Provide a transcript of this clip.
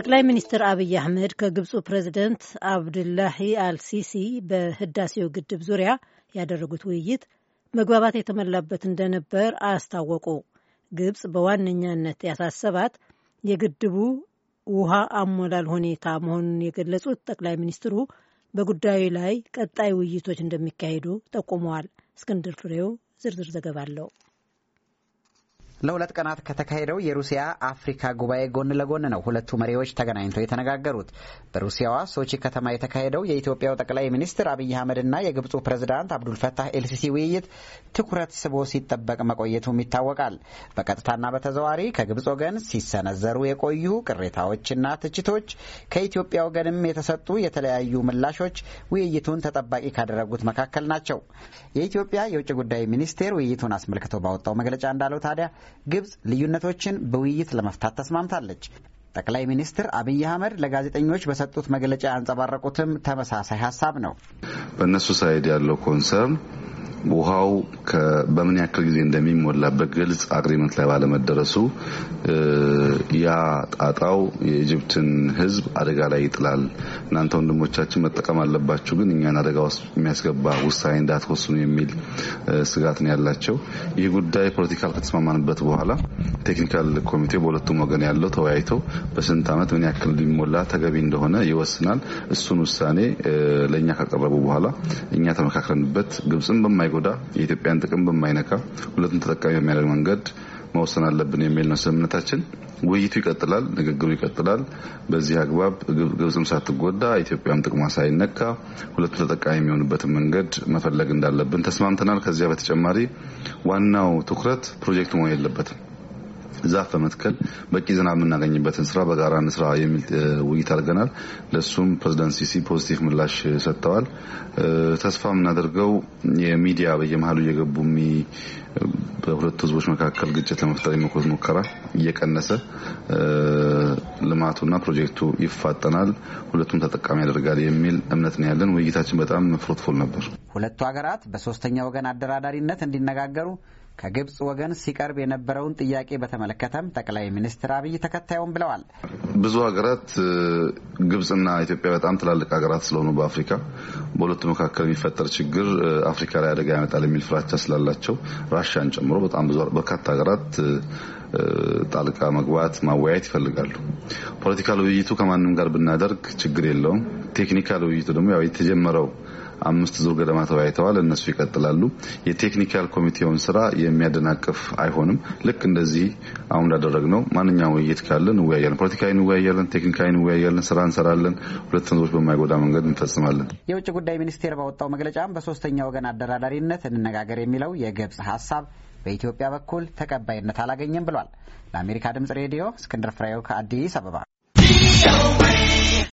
ጠቅላይ ሚኒስትር አብይ አህመድ ከግብፁ ፕሬዚደንት አብድላሂ አልሲሲ በህዳሴው ግድብ ዙሪያ ያደረጉት ውይይት መግባባት የተሞላበት እንደነበር አስታወቁ። ግብፅ በዋነኛነት ያሳሰባት የግድቡ ውሃ አሞላል ሁኔታ መሆኑን የገለጹት ጠቅላይ ሚኒስትሩ በጉዳዩ ላይ ቀጣይ ውይይቶች እንደሚካሄዱ ጠቁመዋል። እስክንድር ፍሬው ዝርዝር ዘገባ አለው። ለሁለት ቀናት ከተካሄደው የሩሲያ አፍሪካ ጉባኤ ጎን ለጎን ነው ሁለቱ መሪዎች ተገናኝተው የተነጋገሩት። በሩሲያዋ ሶቺ ከተማ የተካሄደው የኢትዮጵያው ጠቅላይ ሚኒስትር አብይ አህመድና የግብፁ ፕሬዝዳንት አብዱልፈታህ ኤልሲሲ ውይይት ትኩረት ስቦ ሲጠበቅ መቆየቱም ይታወቃል። በቀጥታና በተዘዋሪ ከግብፅ ወገን ሲሰነዘሩ የቆዩ ቅሬታዎችና ትችቶች፣ ከኢትዮጵያ ወገንም የተሰጡ የተለያዩ ምላሾች ውይይቱን ተጠባቂ ካደረጉት መካከል ናቸው። የኢትዮጵያ የውጭ ጉዳይ ሚኒስቴር ውይይቱን አስመልክቶ ባወጣው መግለጫ እንዳለው ታዲያ ግብጽ ልዩነቶችን በውይይት ለመፍታት ተስማምታለች። ጠቅላይ ሚኒስትር አብይ አህመድ ለጋዜጠኞች በሰጡት መግለጫ ያንጸባረቁትም ተመሳሳይ ሀሳብ ነው። በእነሱ ሳይድ ያለው ኮንሰርን ውሃው በምን ያክል ጊዜ እንደሚሞላ በግልጽ አግሪመንት ላይ ባለመደረሱ ያ ጣጣው የኢጅፕትን ሕዝብ አደጋ ላይ ይጥላል። እናንተ ወንድሞቻችን መጠቀም አለባችሁ፣ ግን እኛን አደጋ ውስጥ የሚያስገባ ውሳኔ እንዳትወስኑ የሚል ስጋት ነው ያላቸው። ይህ ጉዳይ ፖለቲካል ከተስማማንበት በኋላ ቴክኒካል ኮሚቴ በሁለቱም ወገን ያለው ተወያይቶ በስንት ዓመት ምን ያክል ሊሞላ ተገቢ እንደሆነ ይወስናል። እሱን ውሳኔ ለእኛ ካቀረቡ በኋላ እኛ ተመካክረንበት ግብጽን በማይጎዳ የኢትዮጵያን ጥቅም በማይነካ ሁለቱም ተጠቃሚ በሚያደርግ መንገድ መወሰን አለብን የሚል ነው ስምምነታችን። ውይይቱ ይቀጥላል፣ ንግግሩ ይቀጥላል። በዚህ አግባብ ግብጽም ሳትጎዳ ኢትዮጵያም ጥቅሟ ሳይነካ ሁለቱ ተጠቃሚ የሚሆኑበትን መንገድ መፈለግ እንዳለብን ተስማምተናል። ከዚያ በተጨማሪ ዋናው ትኩረት ፕሮጀክት መሆን የለበትም ዛፍ በመትከል በቂ ዝናብ የምናገኝበትን ስራ በጋራ እንስራ የሚል ውይይት አድርገናል። ለሱም ፕሬዚዳንት ሲሲ ፖዚቲቭ ምላሽ ሰጥተዋል። ተስፋ የምናደርገው የሚዲያ በየመሀሉ እየገቡ በሁለቱ ህዝቦች መካከል ግጭት ለመፍጠር የሚኮዝ ሙከራ እየቀነሰ ልማቱና ፕሮጀክቱ ይፋጠናል፣ ሁለቱም ተጠቃሚ ያደርጋል የሚል እምነት ነው ያለን። ውይይታችን በጣም ፍሩትፉል ነበር። ሁለቱ ሀገራት በሶስተኛ ወገን አደራዳሪነት እንዲነጋገሩ ከግብፅ ወገን ሲቀርብ የነበረውን ጥያቄ በተመለከተም ጠቅላይ ሚኒስትር አብይ ተከታዩም ብለዋል። ብዙ ሀገራት ግብፅና ኢትዮጵያ በጣም ትላልቅ ሀገራት ስለሆኑ በአፍሪካ በሁለቱ መካከል የሚፈጠር ችግር አፍሪካ ላይ አደጋ ያመጣል የሚል ፍራቻ ስላላቸው ራሽያን ጨምሮ በጣም ብዙ በርካታ ሀገራት ጣልቃ መግባት ማወያየት ይፈልጋሉ። ፖለቲካል ውይይቱ ከማንም ጋር ብናደርግ ችግር የለውም። ቴክኒካል ውይይቱ ደግሞ ያው የተጀመረው አምስት ዙር ገደማ ተወያይተዋል። እነሱ ይቀጥላሉ። የቴክኒካል ኮሚቴውን ስራ የሚያደናቅፍ አይሆንም። ልክ እንደዚህ አሁን ነው። ማንኛውም ውይይት ካለ እንወያያለን። ፖለቲካዊ እንወያያለን፣ ቴክኒካዊ እንወያያለን፣ ስራ እንሰራለን። ሁለት ዞች በማይጎዳ መንገድ እንፈጽማለን። የውጭ ጉዳይ ሚኒስቴር ባወጣው መግለጫም በሶስተኛ ወገን አደራዳሪነት እንነጋገር የሚለው የግብጽ ሀሳብ በኢትዮጵያ በኩል ተቀባይነት አላገኘም ብሏል። ለአሜሪካ ድምጽ ሬዲዮ እስክንድር ፍሬው ከአዲስ አበባ